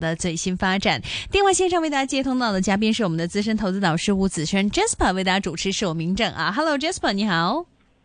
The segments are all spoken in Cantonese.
的最新發展，電話線上為大家接通到的嘉賓是我們的資深投資導師吳子軒，Jasper 為大家主持，是我明正啊，Hello, Jasper 你好。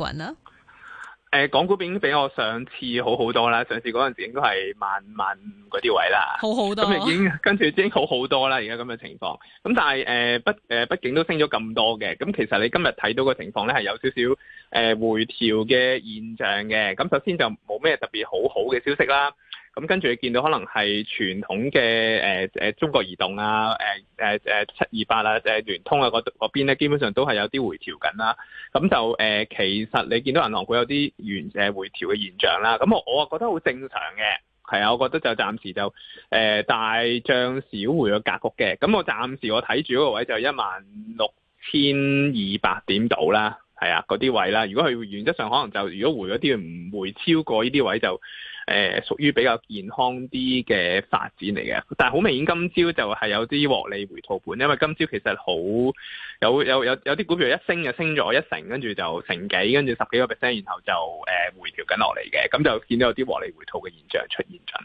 滾啦！誒、呃，港股已經比我上次好好多啦，上次嗰陣時應該係萬萬嗰啲位啦，好好多咁已經跟住已經好好多啦，而家咁嘅情況。咁但係誒，不、呃、誒，畢竟都升咗咁多嘅。咁其實你今日睇到個情況咧，係有少少誒回調嘅現象嘅。咁首先就冇咩特別好好嘅消息啦。咁跟住你見到可能係傳統嘅誒誒中國移動啊、誒誒誒七二八啊、誒、呃、聯通啊嗰邊咧，基本上都係有啲回調緊啦。咁、嗯、就誒、呃、其實你見到銀行會有啲原誒回調嘅現象啦。咁、嗯、我我啊覺得好正常嘅，係啊，我覺得就暫時就誒、呃、大漲小回嘅格局嘅。咁、嗯、我暫時我睇住嗰個位就一萬六千二百點度啦。係啊，嗰啲位啦。如果佢原則上可能就，如果回嗰啲唔會超過呢啲位就，誒、呃、屬於比較健康啲嘅發展嚟嘅。但係好明顯，今朝就係有啲獲利回吐盤，因為今朝其實好有有有有啲股票一升就升咗一成，跟住就成幾，跟住十幾個 percent，然後就誒、呃、回調緊落嚟嘅。咁就見到有啲獲利回吐嘅現象出現緊。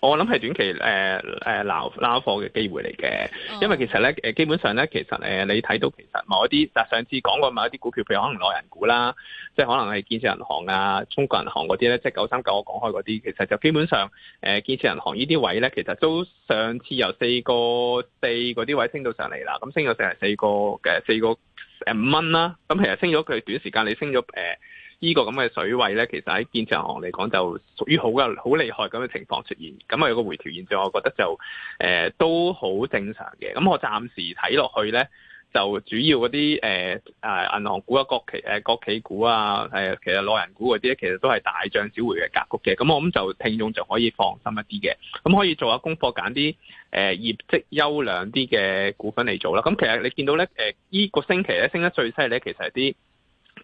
我諗係短期誒誒撈撈貨嘅機會嚟嘅，因為其實咧誒基本上咧，其實誒你睇到，其實某一啲就上次講過某一啲股票，譬如可能內銀股啦，即係可能係建設銀行啊、中國銀行嗰啲咧，即係九三九我講開嗰啲，其實就基本上誒、呃、建設銀行呢啲位咧，其實都上次由四個四嗰啲位升到上嚟啦，咁升咗成四個嘅四個成五蚊啦，咁其實升咗佢短時間你升咗誒。呃呢個咁嘅水位咧，其實喺建設銀行嚟講就屬於好嘅、好厲害咁嘅情況出現。咁啊有個回調現象，我覺得就誒、呃、都好正常嘅。咁我暫時睇落去咧，就主要嗰啲誒啊銀行股啊、國企誒、呃、國企股啊、誒、呃、其實內人股嗰啲，其實都係大漲小回嘅格局嘅。咁我諗就聽眾就可以放心一啲嘅，咁可以做下功課，揀啲誒業績優良啲嘅股份嚟做啦。咁其實你見到咧誒，依、呃這個星期咧升得最犀利咧，其實係啲。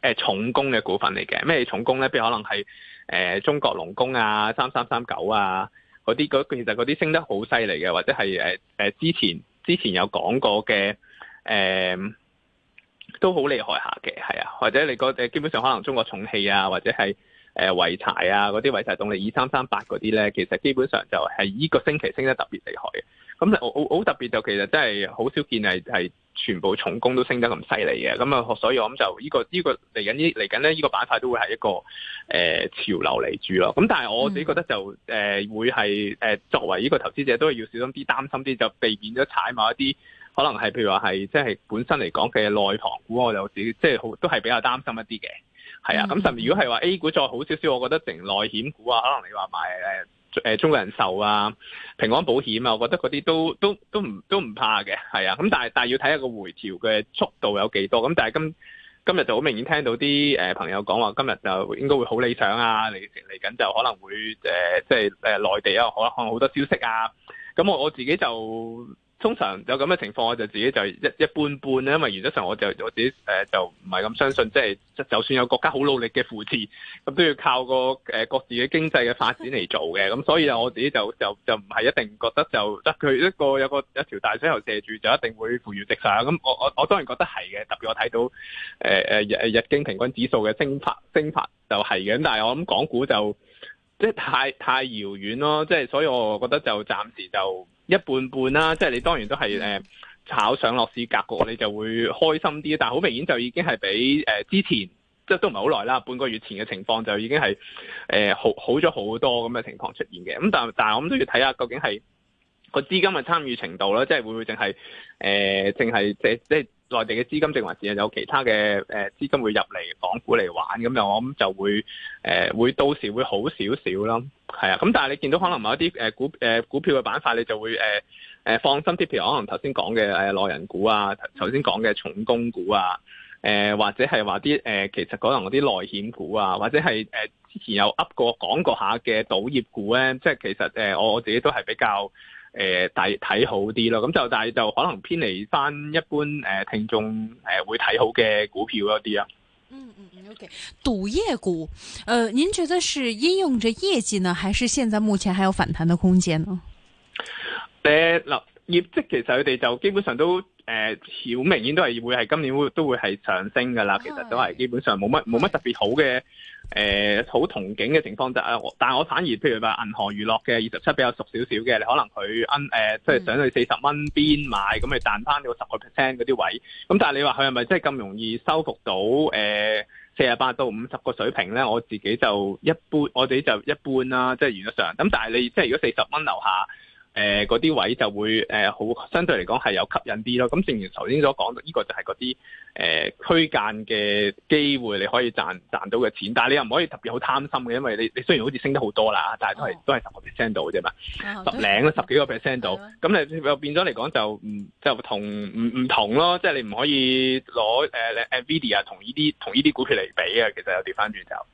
誒重工嘅股份嚟嘅咩？重工咧，比如可能係誒、呃、中國龍工啊、三三三九啊嗰啲，嗰、那個、其實嗰啲升得好犀利嘅，或者係誒誒之前之前有講過嘅誒、呃、都好厲害下嘅係啊，或者你、那個基本上可能中國重汽啊，或者係誒濰柴啊嗰啲濰柴動力二三三八嗰啲咧，其實基本上就係依個星期升得特別厲害嘅。咁好好特別就其實真係好少見係係全部重工都升得咁犀利嘅，咁啊，所以我諗就呢、呢個依、呢個嚟緊呢嚟緊咧依個板塊都會係一個誒、呃、潮流嚟住咯。咁但係我自己覺得就誒會係誒作為呢個投資者都係要小心啲擔心啲，就避免咗踩埋一啲可能係譬如話係即係本身嚟講嘅內房股，我就自、是、己即係好都係比較擔心一啲嘅。係啊，咁甚至如果係話 A 股再好少少，我覺得成內險股啊，可能你話買誒。呃誒中國人壽啊，平安保險啊，我覺得嗰啲都都都唔都唔怕嘅，係啊，咁但係但係要睇下個回調嘅速度有幾多，咁但係今今日就好明顯聽到啲誒朋友講話，今日就應該會好理想啊，嚟嚟緊就可能會誒、呃、即係誒、呃、內地啊，可能好多消息啊，咁我我自己就。通常有咁嘅情況，我就自己就一一般般咧，因為原則上我就我自己誒就唔係咁相信，即係就就算有國家好努力嘅扶持，咁都要靠個誒各自嘅經濟嘅發展嚟做嘅，咁所以啊，我自己就就就唔係一定覺得就得佢一個有個一條大水喉射住就一定會富裕直上。咁我我我當然覺得係嘅，特別我睇到誒誒、呃、日日經平均指數嘅升幅升幅就係嘅，但係我諗港股就。即係太太遙遠咯，即係所以我覺得就暫時就一半半啦。即係你當然都係誒炒上落市格局，你就會開心啲。但係好明顯就已經係比誒、呃、之前即係都唔係好耐啦，半個月前嘅情況就已經係誒、呃、好好咗好多咁嘅情況出現嘅。咁但係但係我諗都要睇下究竟係個資金嘅參與程度啦，即係會唔會淨係誒淨係即即係。內地嘅資金淨還是有其他嘅誒資金會入嚟港股嚟玩咁樣，我諗就會誒、欸、會到時會好少少咯，係啊。咁但係你見到可能某一啲誒股誒、欸、股票嘅板塊，你就會誒誒、欸、放心啲，譬如可能頭先講嘅誒內人股啊，頭先講嘅重工股啊，誒、欸、或者係話啲誒其實可能嗰啲內險股啊，或者係誒之前有噏過講過下嘅賭業股咧，即係其實誒我、欸、我自己都係比較。誒，睇睇、呃、好啲咯，咁就但係就可能偏離返一般誒、呃、聽眾誒會睇好嘅股票多啲啊。嗯嗯嗯，OK，賭業股，誒、呃，您覺得是應用着業績呢，還是現在目前還有反彈嘅空間呢？誒、呃，嗱、呃。業績其實佢哋就基本上都誒好、呃、明顯都係會係今年會都會係上升噶啦，其實都係基本上冇乜冇乜特別好嘅誒好同景嘅情況就啊，但係我反而譬如話銀河娛樂嘅二十七比較熟少少嘅，你可能佢蚊誒即係上去四十蚊邊買咁咪賺翻你個十個 percent 嗰啲位，咁但係你話佢係咪真係咁容易收復到誒四十八到五十個水平咧？我自己就一般，我哋就一般啦，即、就、係、是、原則上。咁但係你即係如果四十蚊樓下。誒嗰啲位就會誒、呃、好相對嚟講係有吸引啲咯，咁正如頭先所講，呢、呢個就係嗰啲誒區間嘅機會你可以賺賺到嘅錢，但係你又唔可以特別好貪心嘅，因為你你雖然好似升得好多啦，但係都係都係後十個 percent 度嘅啫嘛，十零多十幾個 percent 度，咁你又變咗嚟講就唔就同唔唔同咯，即係你唔可以攞誒 NVIDIA 同呢啲同呢啲股票嚟比啊，其實有跌返轉就。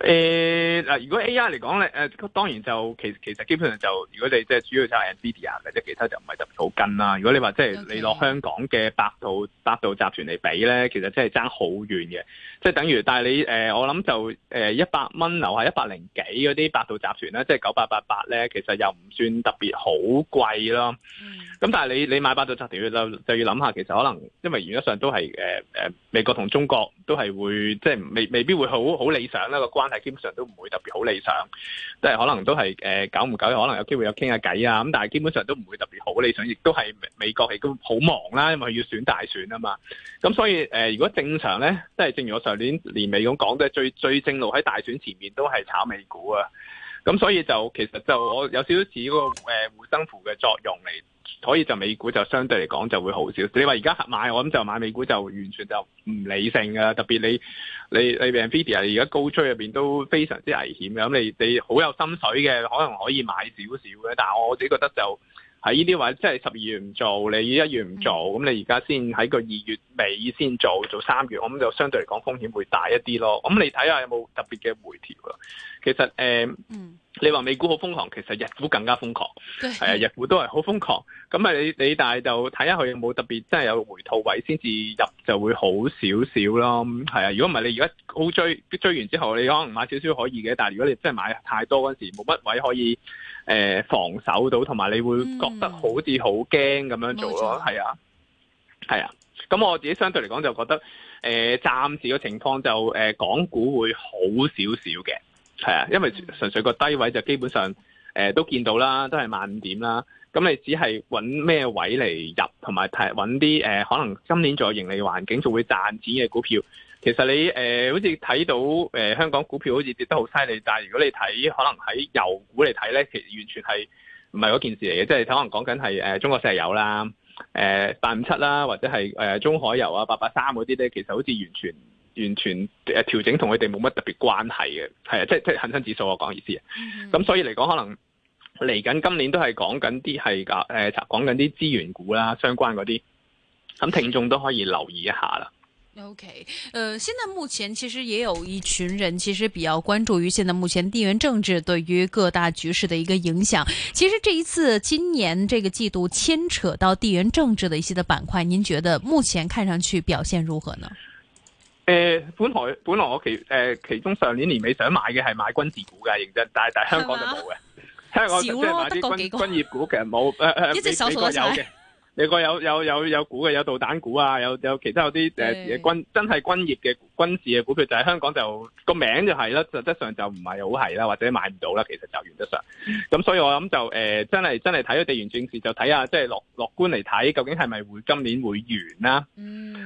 誒嗱、呃，如果 AI 嚟講咧，誒、呃、當然就其其實基本上就如果你即係主要就係 Nvidia 嘅，即係其他就唔係特別好跟啦。如果你話即係你落香港嘅百度，百度集團嚟比咧，其實真係爭好遠嘅，即係等於但係你誒、呃，我諗就誒一百蚊樓下一百零幾嗰啲百度集團咧，即係九八八八咧，其實又唔算特別好貴咯。咁、mm. 但係你你買百度集團就就要諗下，其實可能因為原則上都係誒誒美國同中國。都係會即係未未必會好好理想啦，個關係基本上都唔會特別好理想，即係可能都係誒久唔久可能有機會有傾下偈啊，咁，但係基本上都唔會特別好理想，亦都係美國係都好忙啦，因為要選大選啊嘛，咁所以誒、呃、如果正常咧，即係正如我上年年尾咁講嘅，最最正路喺大選前面都係炒美股啊，咁所以就其實就我有少少似嗰個誒護、呃、生符嘅作用嚟。可以就美股就相對嚟講就會好少。你話而家合買我諗就買美股就完全就唔理性嘅啦。特別你你你 NVIDIA 而家高追入邊都非常之危險嘅。咁你你好有心水嘅，可能可以買少少嘅。但係我自己覺得就喺呢啲位即係十二月唔做，你一月唔做，咁你而家先喺個二月尾先做，做三月，我諗就相對嚟講風險會大一啲咯。咁你睇下有冇特別嘅回調咯。其實誒。嗯。你話美股好瘋狂，其實日股更加瘋狂，係啊。對、呃，日股都係好瘋狂。咁咪你你但係就睇下佢有冇特別，真係有回吐位先至入就會好少少咯。係、嗯、啊，如果唔係你而家好追追完之後，你可能買少少可以嘅。但係如果你真係買太多嗰時，冇乜位可以誒、呃、防守到，同埋你會覺得好似好驚咁樣做咯。係啊，係啊。咁我自己相對嚟講就覺得誒、呃，暫時嘅情況就誒、呃，港股會好少少嘅。係啊，因為純粹個低位就基本上，誒、呃、都見到啦，都係萬五點啦。咁你只係搵咩位嚟入，同埋睇搵啲誒可能今年仲有盈利環境仲會賺錢嘅股票。其實你誒、呃、好似睇到誒、呃、香港股票好似跌得好犀利，但係如果你睇可能喺油股嚟睇咧，其實完全係唔係嗰件事嚟嘅。即係可能講緊係誒中國石油啦，誒八五七啦，或者係誒、呃、中海油啊八八三嗰啲咧，其實好似完全。完全誒、呃、調整同佢哋冇乜特別關係嘅，係啊，即係即係恆生指數我講嘅意思啊。咁、mm hmm. 嗯、所以嚟講，可能嚟緊今年都係講緊啲係個誒講緊啲資源股啦，相關嗰啲，咁、嗯、聽眾都可以留意一下啦。OK，誒、呃，現在目前其實也有一群人其實比較關注於現在目前地緣政治對於各大局勢的一個影響。其實這一次今年這個季度牽扯到地緣政治的一些的板塊，您覺得目前看上去表現如何呢？誒，本來本來我其誒、呃，其中上年年尾想買嘅係買軍事股嘅，認真，但係但係香港就冇嘅，吧香港即係了 買啲軍軍業股其實冇，誒、呃、誒，美國有嘅，好美國有有有有股嘅，有導彈股啊，有有其他有啲誒軍真係軍業嘅軍事嘅股票，就喺、是、香港就個名就係、是、啦，實質上就唔係好係啦，或者買唔到啦，其實就原則上。咁所以我諗就誒、呃，真係真係睇咗地緣政治，就睇、是、下，即係樂樂觀嚟睇，究竟係咪會今年會完啦？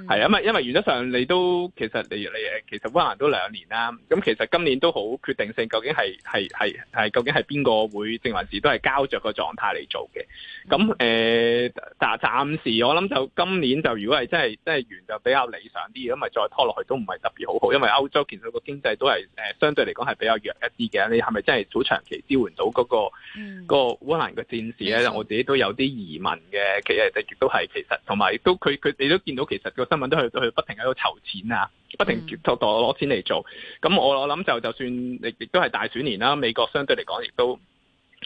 係啊，咪 因為原則上你都其實你你其實烏蘭都兩年啦，咁其實今年都好決定性究，究竟係係係係究竟係邊個會正還是都係膠着嘅狀態嚟做嘅。咁誒，但、呃、係暫時我諗就今年就如果係真係真係完就比較理想啲，因為再拖落去都唔係特別好好，因為歐洲其實個經濟都係誒相對嚟講係比較弱一啲嘅。你係咪真係好長期支援到嗰、那個嗰 個烏蘭嘅戰事咧？我自己都有啲疑問嘅，其實亦都係其實同埋都佢佢你都見到其實、那個。新聞都去去不停喺度籌錢啊，不停托度攞錢嚟做。咁我我諗就就算亦亦都係大選年啦，美國相對嚟講亦都誒、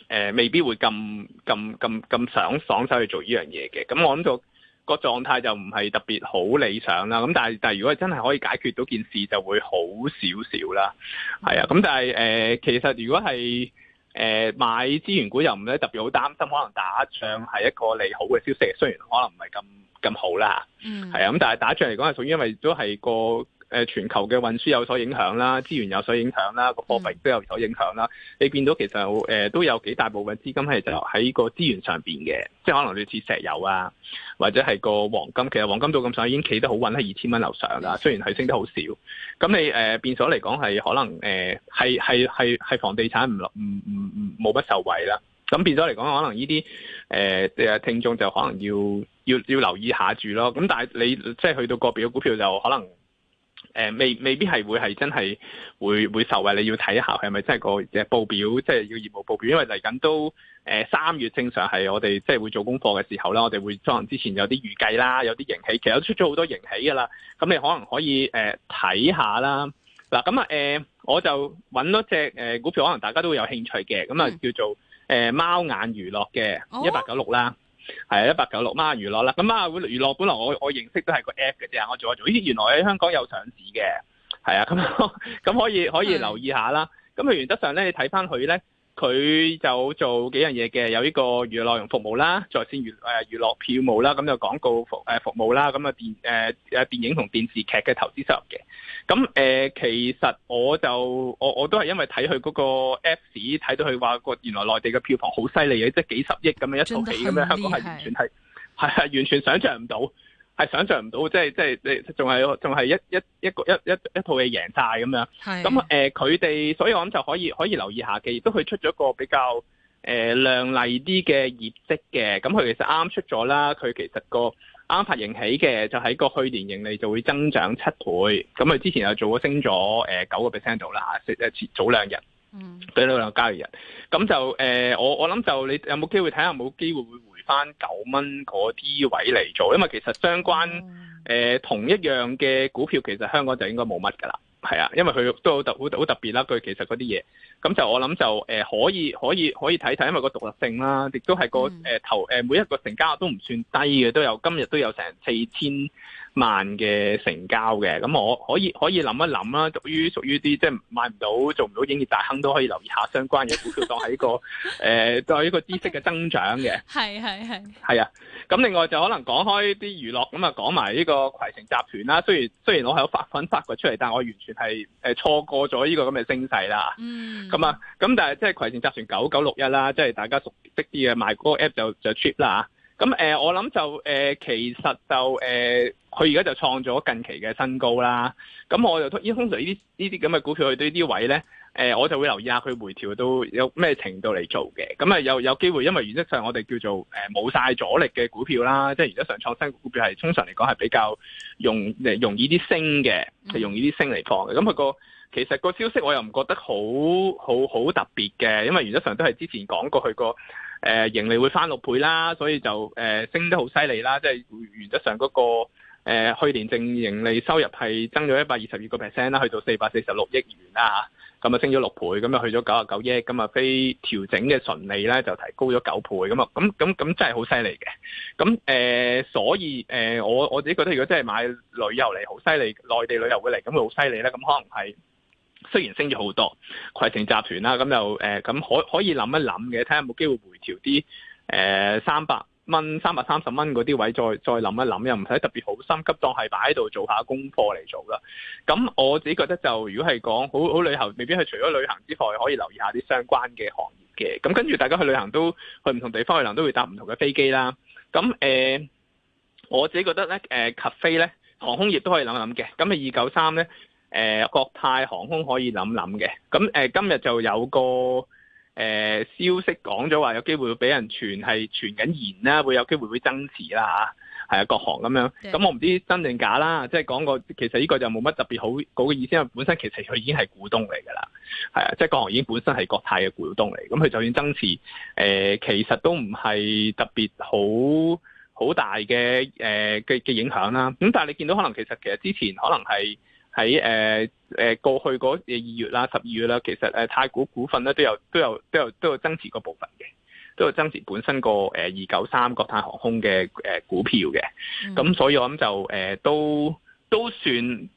呃、未必會咁咁咁咁想爽爽手去做呢樣嘢嘅。咁我諗個個狀態就唔係特別好理想啦。咁但係但係如果係真係可以解決到件事，就會好少少啦。係啊，咁但係誒、呃，其實如果係。誒、呃、買資源股又唔使，特別好擔心，可能打仗係一個利好嘅消息，雖然可能唔係咁咁好啦嚇。係啊、嗯，咁但係打仗嚟講係屬於因為都係個。誒全球嘅運輸有所影響啦，資源有所影響啦，個貨幣都有所影響啦。嗯、你見到其實就都有幾大部分資金係就喺個資源上邊嘅，即係可能類似石油啊，或者係個黃金。其實黃金到咁上已經企得好穩喺二千蚊樓上啦。雖然係升得好少，咁你誒變咗嚟講係可能誒係係係係房地產唔唔唔唔冇乜受惠啦。咁變咗嚟講，可能呢啲誒聽眾就可能要要要，要留意下住咯。咁但係你即係去到個別嘅股票就可能。誒、呃，未未必係會係真係會會，會受惠，你要睇下係咪真係個即報表，即係要業務報表，因為嚟緊都誒、呃、三月正常係我哋即係會做功課嘅時候啦，我哋會可能之前有啲預計啦，有啲盈起，其實都出咗好多盈起噶啦，咁你可能可以誒睇下啦。嗱，咁啊誒，我就揾多隻誒股票，可能大家都會有興趣嘅，咁啊叫做誒貓、呃、眼娛樂嘅一八九六啦。哦係一八九六貓娛樂啦，咁啊，娛樂本來我我認識都係個 app 嘅啫。我做下做，咦，原來喺香港有上市嘅，係啊，咁咁可以可以留意下啦，咁佢的原則上咧，你睇翻佢咧。佢就做幾樣嘢嘅，有呢個娛樂內容服務啦，在線娛誒娛樂票務啦，咁有廣告服誒服務啦，咁啊電誒誒、呃、電影同電視劇嘅投資收入嘅。咁、嗯、誒、呃、其實我就我我都係因為睇佢嗰個 Apps 睇到佢話個原來內地嘅票房好犀利嘅，即係幾十億咁樣一套戲咁樣，香港係完全係係係完全想象唔到。係想象唔到，即係即係，誒，仲係仲係一一一個一一一套嘢贏晒咁樣。係咁誒，佢哋、呃，所以我諗就可以可以留意下嘅。亦都佢出咗個比較誒、呃、亮麗啲嘅業績嘅。咁佢其實啱出咗啦，佢其實個啱發盈喜嘅，就喺個去年盈利就會增長七倍。咁佢之前又做咗升咗誒九個 percent 度啦嚇，升早兩日，嗯，早兩交易日。咁就誒、呃，我我諗就你有冇機會睇下，冇機會會。翻九蚊嗰啲位嚟做，因為其實相關誒、mm. 呃、同一樣嘅股票，其實香港就應該冇乜噶啦，係啊，因為佢都好特好好特別啦，佢其實嗰啲嘢，咁就我諗就誒、呃、可以可以可以睇睇，因為個獨立性啦，亦都係個誒頭誒每一個成交額都唔算低嘅，都有今日都有成四千。萬嘅成交嘅，咁我可以可以諗一諗啦。屬於屬於啲即係買唔到，做唔到影業大亨都可以留意下相關嘅股票，當係一、這個誒，當係、 呃、一個知識嘅增長嘅。係係係。係啊，咁另外就可能講開啲娛樂咁啊、嗯嗯，講埋呢個攜程集團啦。雖然雖然我係有發粉發過出嚟，但係我完全係誒錯過咗呢個咁嘅升勢啦。嗯。咁啊，咁但係即係攜程集團九九六一啦，即係大家熟悉啲嘅，買嗰個 app 就就 cheap 啦。咁、嗯、誒，我諗就誒，其實就誒。呃呃佢而家就創咗近期嘅新高啦，咁我就通，通常呢啲呢啲咁嘅股票去到呢啲位咧，誒、呃、我就會留意下佢回調到有咩程度嚟做嘅，咁啊有有機會，因為原則上我哋叫做誒冇晒阻力嘅股票啦，即係原則上創新股票係通常嚟講係比較容誒容易啲升嘅，係容易啲升嚟放嘅。咁、那、佢個其實個消息我又唔覺得好好好特別嘅，因為原則上都係之前講過佢個誒盈利會翻六倍啦，所以就誒、呃、升得好犀利啦，即係原則上嗰、那個。誒去年淨盈利收入係增咗一百二十二個 percent 啦，去到四百四十六億元啦嚇，咁啊升咗六倍，咁啊去咗九啊九億，咁啊非調整嘅純利咧就提高咗九倍，咁啊咁咁咁真係好犀利嘅，咁誒、呃、所以誒、呃、我我自己覺得如果真係買旅遊嚟好犀利，內地旅遊會嚟咁會好犀利咧，咁可能係雖然升咗好多，攜程集團啦，咁就誒咁可可以諗一諗嘅，睇下有冇機會回調啲誒三百。呃 300, 問三百三十蚊嗰啲位再，再再諗一諗，又唔使特別好心急，急當係擺喺度做下功課嚟做啦。咁我自己覺得就如果係講好好旅遊，未必係除咗旅行之外，可以留意下啲相關嘅行業嘅。咁跟住大家去旅行都去唔同地方，去，可能都會搭唔同嘅飛機啦。咁誒、呃、我自己覺得咧，誒及飛咧航空業都可以諗諗嘅。咁誒二九三咧，誒、呃、國泰航空可以諗諗嘅。咁誒、呃、今日就有個。誒，消息講咗話有機會會俾人傳係傳緊言啦，會有機會會增持啦吓，係啊，國航咁樣。咁我唔知真定假啦，即係講過其實呢個就冇乜特別好嗰個意思，因為本身其實佢已經係股東嚟㗎啦，係啊，即係國航已經本身係國泰嘅股東嚟，咁佢就算增持，誒、呃、其實都唔係特別好好大嘅誒嘅嘅影響啦。咁但係你見到可能其實其實之前可能係。喺誒誒過去嗰嘅二月啦、十二月啦，其實誒、呃、太古股份咧都有都有都有都有增持個部分嘅，都有增持本身個誒二九三國泰航空嘅誒、呃、股票嘅，咁所以我諗就誒、呃、都都算誒、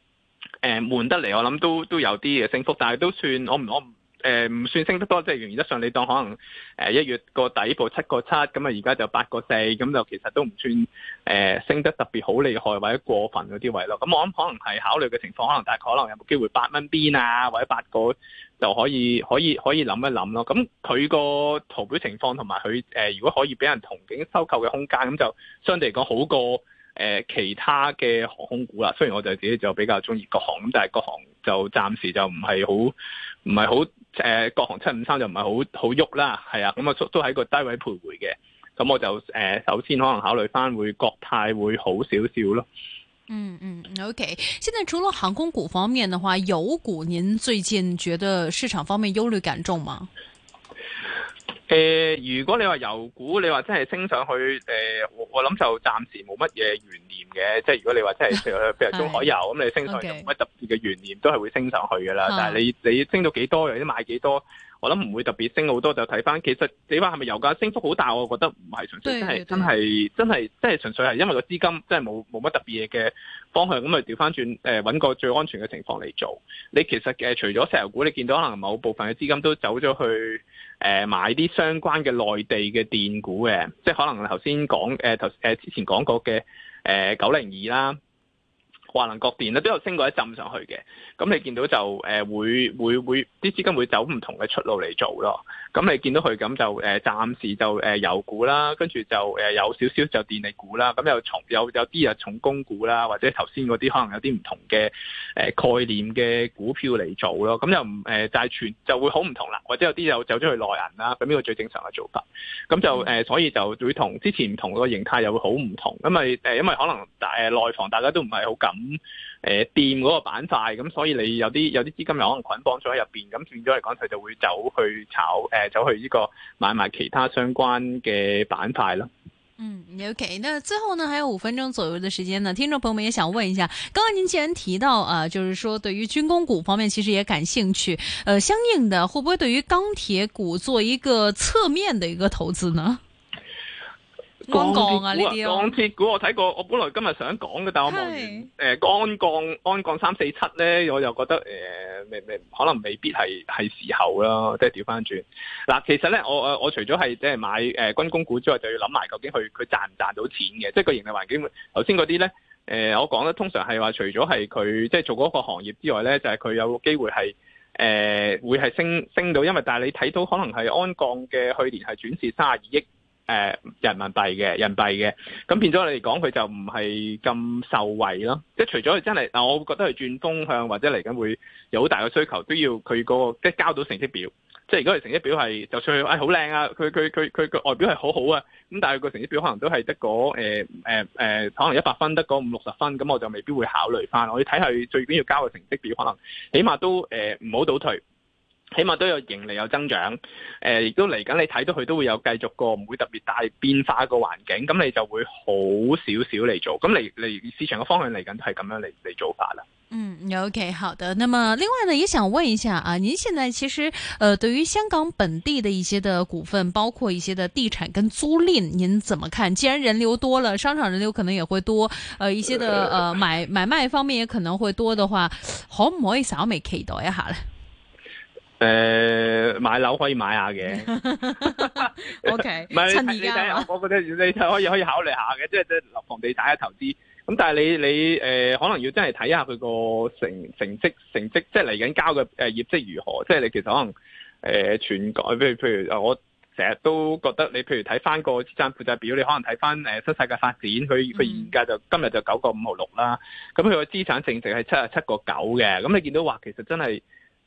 呃、悶得嚟，我諗都都有啲嘅升幅，但係都算我唔我唔。誒唔、呃、算升得多，即係原則上。你當可能誒一、呃、月個底部七個七，咁啊而家就八個四，咁就其實都唔算誒、呃、升得特別好厲害或者過分嗰啲位咯。咁我諗可能係考慮嘅情況，可能大概可能有冇機會八蚊邊啊，或者八個就可以可以可以諗一諗咯。咁佢個圖表情況同埋佢誒，如果可以俾人同景收購嘅空間，咁就相對嚟講好過誒、呃、其他嘅航空股啦。雖然我就自己就比較中意國航，咁但係國航就暫時就唔係好唔係好。誒國航七五三就唔係好好喐啦，係啊，咁啊都喺個低位徘徊嘅，咁我就誒首先可能考慮翻會國泰會好少少咯。嗯嗯，OK。現在除了航空股方面嘅話，油股您最近覺得市場方面憂慮感重嗎？誒、呃，如果你話油股，你話真係升上去，誒、呃，我我諗就暫時冇乜嘢懸念嘅。即係如果你話真係譬如中海油咁， 你升上去就冇乜特別嘅懸念，都係會升上去噶啦。 但係你你升到幾多，又者買幾多。我諗唔會特別升好多，就睇翻其實你話係咪油價升幅好大？我覺得唔係純粹，真係真係真係真係純粹係因為個資金真係冇冇乜特別嘢嘅方向，咁咪調翻轉誒，揾個最安全嘅情況嚟做。你其實誒、呃、除咗石油股，你見到可能某部分嘅資金都走咗去誒、呃、買啲相關嘅內地嘅電股嘅，即係可能頭先講誒頭誒之前講過嘅誒九零二啦。華能國電咧都有升過一浸上去嘅，咁你見到就誒、呃、會會會啲資金會走唔同嘅出路嚟做咯，咁你見到佢咁就誒、呃、暫時就誒油股啦，跟住就誒有少少就電力股啦，咁又重有有啲又重工股啦，或者頭先嗰啲可能有啲唔同嘅誒、呃、概念嘅股票嚟做咯，咁又唔，但、呃、債券就會好唔同啦，或者有啲又走咗去內銀啦，咁呢個最正常嘅做法，咁就誒、呃、所以就會同之前唔同個形態又會好唔同，咁咪誒因為可能誒內房大家都唔係好敢。咁嗰個板塊，咁所以你有啲有啲資金又可能捆綁咗喺入邊，咁轉咗嚟講，佢就會走去炒誒，走去呢個買賣其他相關嘅板塊咯。嗯，OK，那最後呢，還有五分鐘左右嘅時間呢，聽眾朋友也想問一下，剛剛您既然提到啊，就是說對於軍工股方面其實也感興趣，誒、呃，相應的會不會對於鋼鐵股做一個側面的一個投資呢？鋼鐵啊！鋼鐵、哦、股,鐵股我睇過，我本來今日想講嘅，但係我望完，誒是，鞍鋼、鞍鋼三四七咧，我又覺得誒、呃，未未,未可能未必係係時候啦，即係調返轉。嗱，其實咧，我誒我除咗係即係買誒、呃、軍工股之外，就要諗埋究竟佢佢賺唔賺到錢嘅，即係個盈利環境。頭先嗰啲咧，誒、呃，我講得通常係話除咗係佢即係做嗰個行業之外咧，就係、是、佢有機會係誒、呃、會係升升到，因為但係你睇到可能係鞍鋼嘅去年係轉市卅二億。誒、呃、人民幣嘅人民幣嘅，咁變咗你嚟講，佢就唔係咁受惠咯。即係除咗佢真係，嗱我覺得佢轉風向或者嚟緊會有好大嘅需求，都要佢、個即係交到成績表。即係如果佢成績表係就算佢哎好靚啊！佢佢佢佢個外表係好好啊！咁但係佢個成績表可能都係得個誒誒誒可能一百分得個五六十分，咁我就未必會考慮翻。我要睇下最緊要交嘅成績表，可能起碼都誒唔好倒退。起碼都有盈利有增長，誒、呃，亦都嚟緊你睇到佢都會有繼續個，唔會特別大變化個環境，咁你就會好少少嚟做，咁嚟嚟市場嘅方向嚟緊都係咁樣嚟嚟做法啦。嗯，OK，好的。那麼另外呢，也想問一下啊，您現在其實，誒、呃，對於香港本地的一些的股份，包括一些的地產跟租賃，您怎麼看？既然人流多了，商場人流可能也會多，誒、呃，一些的，誒、呃，買買賣方面也可能會多的話，可唔可以稍微期待一下呢？誒、呃，買樓可以買下嘅，O K。唔係你睇，我覺得你就可以可以考慮下嘅，即係即係房地產嘅投資。咁但係你你誒、呃，可能要真係睇下佢個成成績成績，即係嚟緊交嘅誒業績如何。即係你其實可能誒，全、呃、改，譬如譬如我成日都覺得你譬如睇翻個資產負債表，你可能睇翻誒新世界發展，佢佢現價就今日就九個五毫六啦。咁佢個資產淨值係七十七個九嘅。咁你見到話其實真係。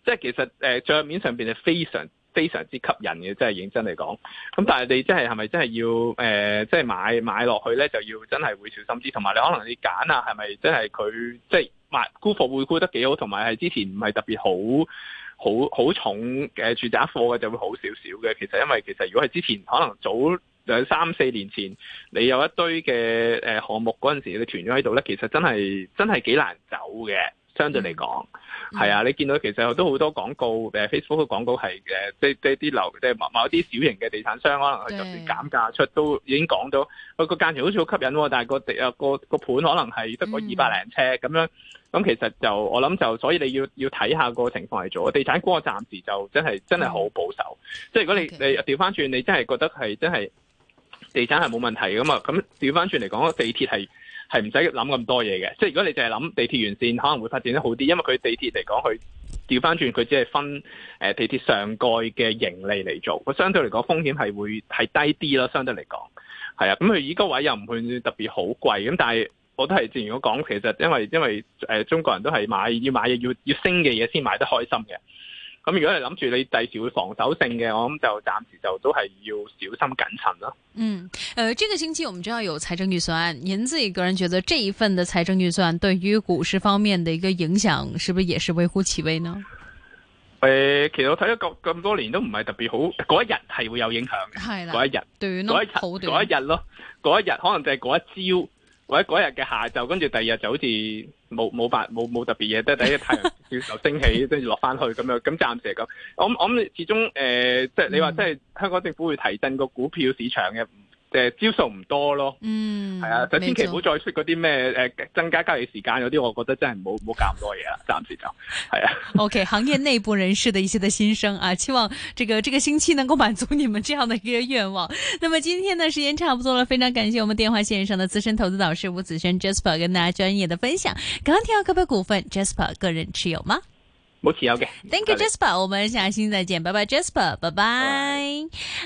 即係其實誒帳、呃、面上邊係非常非常之吸引嘅，即係認真嚟講。咁但係你即係係咪真係要誒即係買買落去咧，就要真係會小心啲。同埋你可能你揀啊，係咪真係佢即係賣沽貨會沽得幾好？同埋係之前唔係特別好好好重嘅住宅貨嘅，就會好少少嘅。其實因為其實如果係之前可能早兩三四年前，你有一堆嘅誒項目嗰陣時，你存咗喺度咧，其實真係真係幾難走嘅。相對嚟講，係、嗯、啊,你見到其實都好多廣告，誒，Facebook 嘅廣告係，誒、呃，即即係啲樓，即係某某一啲小型嘅地產商可能佢就算減價出，都已經講到佢個價錢好似好吸引，哦，但係、那個地啊個個盤可能係得個二百零尺咁樣，咁、嗯嗯嗯嗯嗯、其實就我諗就所以你要要睇下個情況係做，地產股暫時就真係真係好保守，嗯、即係如果你 okay. 你調翻轉，你真係覺得係真係地產係冇問題噶嘛，咁調翻轉嚟講，地鐵係。係唔使諗咁多嘢嘅，即係如果你淨係諗地鐵沿線可能會發展得好啲，因為佢地鐵嚟講，佢調返轉佢只係分誒地鐵上蓋嘅盈利嚟做，佢相對嚟講風險係會係低啲咯，相對嚟講係啊，咁佢依個位又唔會特別好貴，咁但係我都係正如我講，其實因為因為誒中國人都係買要買嘢要要升嘅嘢先買得開心嘅。咁如果你諗住你第時會防守性嘅，我諗就暫時就都係要小心謹慎咯。嗯，誒、呃、呢、這個星期我們知要有財政預算，你自己個人覺得這一份嘅財政預算對於股市方面嘅一個影響，是不是也是微乎其微呢？誒、呃，其實我睇咗咁咁多年都唔係特別好，嗰一日係會有影響嘅，係啦的，嗰一日短一咯，好短，嗰一日咯，嗰一日可能就係嗰一朝。或者嗰日嘅下晝，跟住第二日就好似冇冇白冇冇特別嘢，即係第一日太陽要就升起，跟住落翻去咁樣，咁暫時係咁。我我諗始終誒、呃，即係你話，即係香港政府會提振個股票市場嘅。誒、呃，招數唔多咯，嗯，係啊，就千祈唔好再出嗰啲咩，誒，增加交易時間嗰啲，有我覺得真係唔好唔好搞咁多嘢啦。暫 時就係啊。OK， 行業內部人士的一些的心聲啊，期望這個這個星期能夠滿足你們這樣的一個願望。那麼今天呢，時間差不多了，非常感謝我們電話線上的資深投資導師吳子軒 Jasper 跟大家專業的分享。鋼鐵股份 Jasper 個人持有嗎？冇事嘅，Thank you Jasper， 我們下星期再見，拜拜，Jasper，拜拜。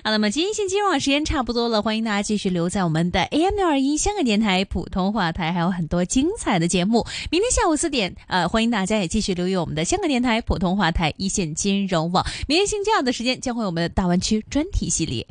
好，那麼今日一線金融網，時間差不多了，歡迎大家繼續留在我們的 AM 六二一香港電台普通話台，還有很多精彩的節目。明天下午四點，呃，歡迎大家也繼續留意我們的香港電台普通話台一線金融網。明天星期二的時間，將會我們的大灣區專題系列。